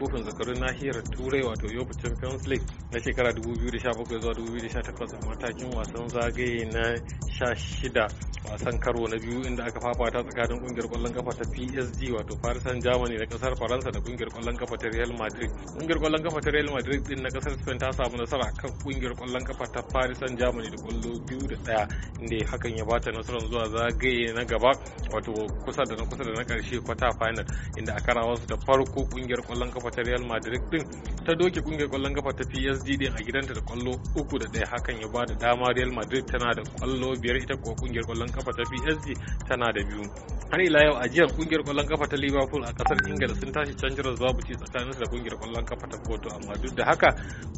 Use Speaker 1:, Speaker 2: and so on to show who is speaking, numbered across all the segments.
Speaker 1: kofin zakarun nahiyar turai wato yobu champions league na shekara 2017 zuwa 2018 matakin wasan zagaye na 16 wasan karo na biyu inda aka fafata tsakanin kungiyar kwallon kafa ta psg wato paris saint germany na kasar faransa da kungiyar kwallon kafa ta real madrid kungiyar kwallon kafa ta real madrid din na kasar spain ta samu nasara kan kungiyar kwallon kafa ta paris saint germany da kwallo biyu da daya inda hakan ya bata nasarar zuwa zagaye na gaba wato kusa da na kusa da na karshe kwata final inda aka rawa su da farko kungiyar kwallon kafa kafa Real Madrid din ta doke kungiyar kwallon kafa ta PSG din a gidanta da kwallo uku da daya hakan ya bada dama Real Madrid tana da kwallo biyar ita kuwa kungiyar kwallon kafa ta PSG tana da biyu har ila yau ajiyar kungiyar kwallon kafa ta Liverpool a kasar Ingila sun tashi can jiran babu ci tsakanin da kungiyar kwallon kafa ta Porto amma duk da haka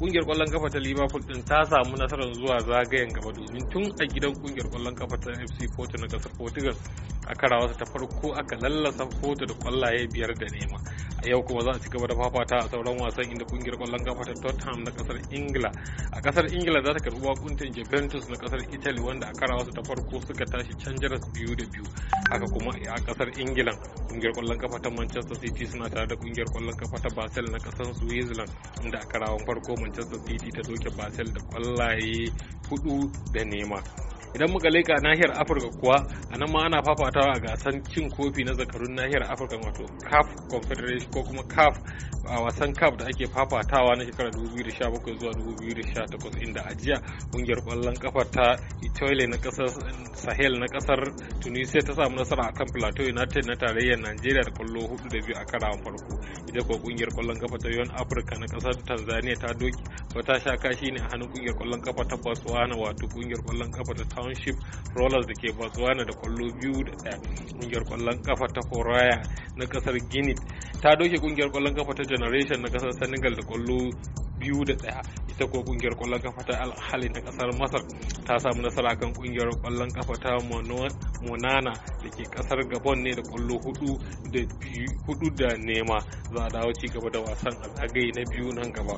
Speaker 1: kungiyar kwallon kafa ta Liverpool din ta samu nasarar zuwa zagayen gaba domin tun a gidan kungiyar kwallon kafa ta FC Porto na kasar Portugal a karawarsa ta farko aka lallasa Porto da kwallaye biyar da nema yau kuma za a ci gaba da fafata a sauran wasan inda kungiyar kwallon kafa ta Tottenham na kasar Ingila a kasar Ingila za ta karbi bakuntin Juventus na kasar Italy wanda a karawa su ta farko suka tashi can jaras biyu da biyu haka kuma a kasar Ingila kungiyar kwallon kafa ta Manchester City suna tare da kungiyar kwallon kafa ta Basel na kasar Switzerland inda a karawan farko Manchester City ta doke Basel da kwallaye hudu da nema idan muka leka nahiyar afirka kuwa a nan ma ana fafatawa a gasan cin kofi na zakarun nahiyar afirka wato caf confederation ko kuma caf a wasan caf da ake fafatawa na shekarar 2017 zuwa 2018 inda a jiya kungiyar kwallon kafa ta itoile na kasar sahel na kasar tunisia ta samu nasara akan plateau united na tarayyar nigeria da kwallo hudu da biyu a karawan farko ita kungiyar kwallon kafa ta yon afirka na kasar tanzania ta doki wata sha kashi ne a hannun kungiyar kwallon kafa ta botswana wato kungiyar kwallon kafa ta township rollers da ke botswana da kwallo biyu da ɗaya kungiyar kwallon kafa ta horaya na kasar guinea ta doki kungiyar kwallon kafa ta generation na kasar senegal da kwallo biyu da ɗaya ita ko kungiyar kwallon kafa ta alhali ta kasar masar ta samu nasara kan kungiyar kwallon kafa ta monana da ke kasar gabon ne da kwallo hudu da nema za a dawo ci gaba da wasan a na biyu nan gaba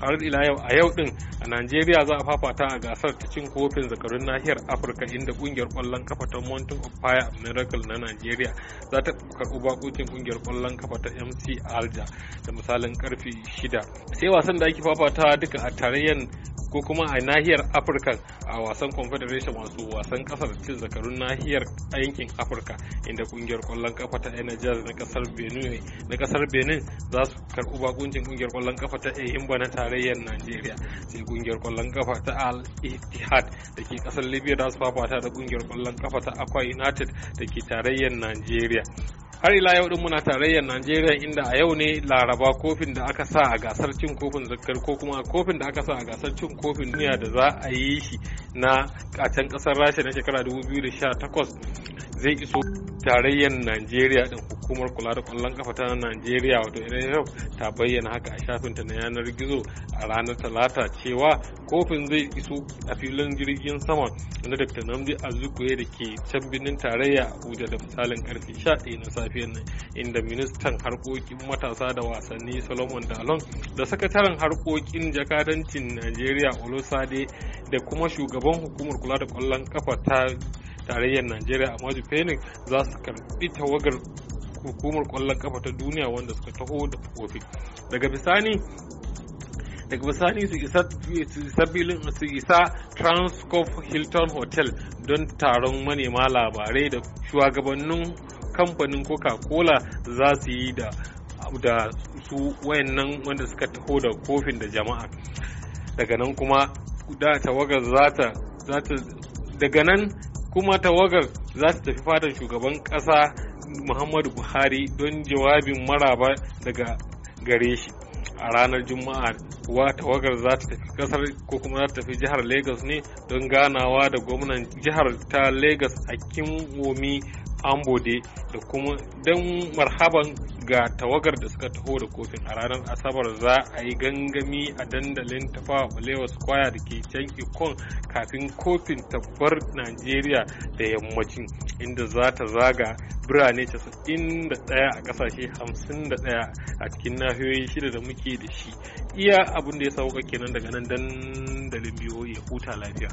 Speaker 1: har ila yau a yau din Najeriya za a fafata a gasar ta cin kofin zakarun nahiyar Afirka inda kungiyar kwallon kafa ta Mountain of Fire Miracle na Najeriya za ta karɓi bakuncin kungiyar kwallon kafa ta MC alger da misalin karfe shida. Sai wasan da ake fafata duka a tarayyar ko kuma a nahiyar afirka a wasan confederation wasu wasan kasar cin zakarun nahiyar yankin afirka inda kungiyar kwallon kafa ta energies na kasar benin na kasar benin za su karɓi bakuncin kungiyar kwallon kafa ta ehimba na tarayyar nigeria sai kungiyar kwallon kafa ta al ittihad da ke kasar libya za su fafata da kungiyar kwallon kafa ta akwa united da ke tarayyar nigeria har ila yau din muna tarayyar Najeriya inda a yau ne Laraba kofin da aka sa a gasar cin kofin zakkar ko kuma kofin da aka sa a gasar cin kofin duniya da za a yi shi na kacan kasar Rasha na shekara 2018 zai iso tarayyar Najeriya din hukumar kula da kwallon kafa ta Najeriya wato NFF ta bayyana haka a shafinta na yanar gizo a ranar Talata cewa kofin zai iso a filin jirgin sama na Dr. Namdi Azikiwe da ke can birnin tarayya Abuja da misalin karfe 11 na safiyar nan inda ministan harkokin matasa da wasanni Solomon Dalon da sakataren harkokin jakadancin Najeriya Olosade da kuma shugaban hukumar kula da kwallon kafa ta tarayyar Najeriya a Maju Phoenix za su karbi tawagar hukumar kwallon kafa ta duniya wanda suka taho da kofi daga bisani daga bisani su isa Bil'in su isa transcorp hilton hotel don taron manema labarai da shugabannin kamfanin coca-cola za su yi da da su wayannan wanda suka taho da kofin da jama'a daga nan kuma da tawagar za ta daga nan kuma tawagar za ta tafi fatan shugaban kasa muhammadu buhari don jawabin maraba daga gare shi a ranar juma'a kuwa tawagar za ta tafi kasar ko kuma za ta tafi jihar lagos ne don ganawa da gwamnan jihar ta lagos a womi ambode da kuma don marhaban ga tawagar da suka taho da kofin a ranar asabar za a yi gangami a dandalin a balewa square da ke can ikon kafin kofin tabbar najeriya da yammacin inda za ta zaga birane 91 a kasashe 51 a cikin nahiyoyi shida da muke da shi iya abin da ya sauka kenan daga nan dandalin biyu ya huta lafiya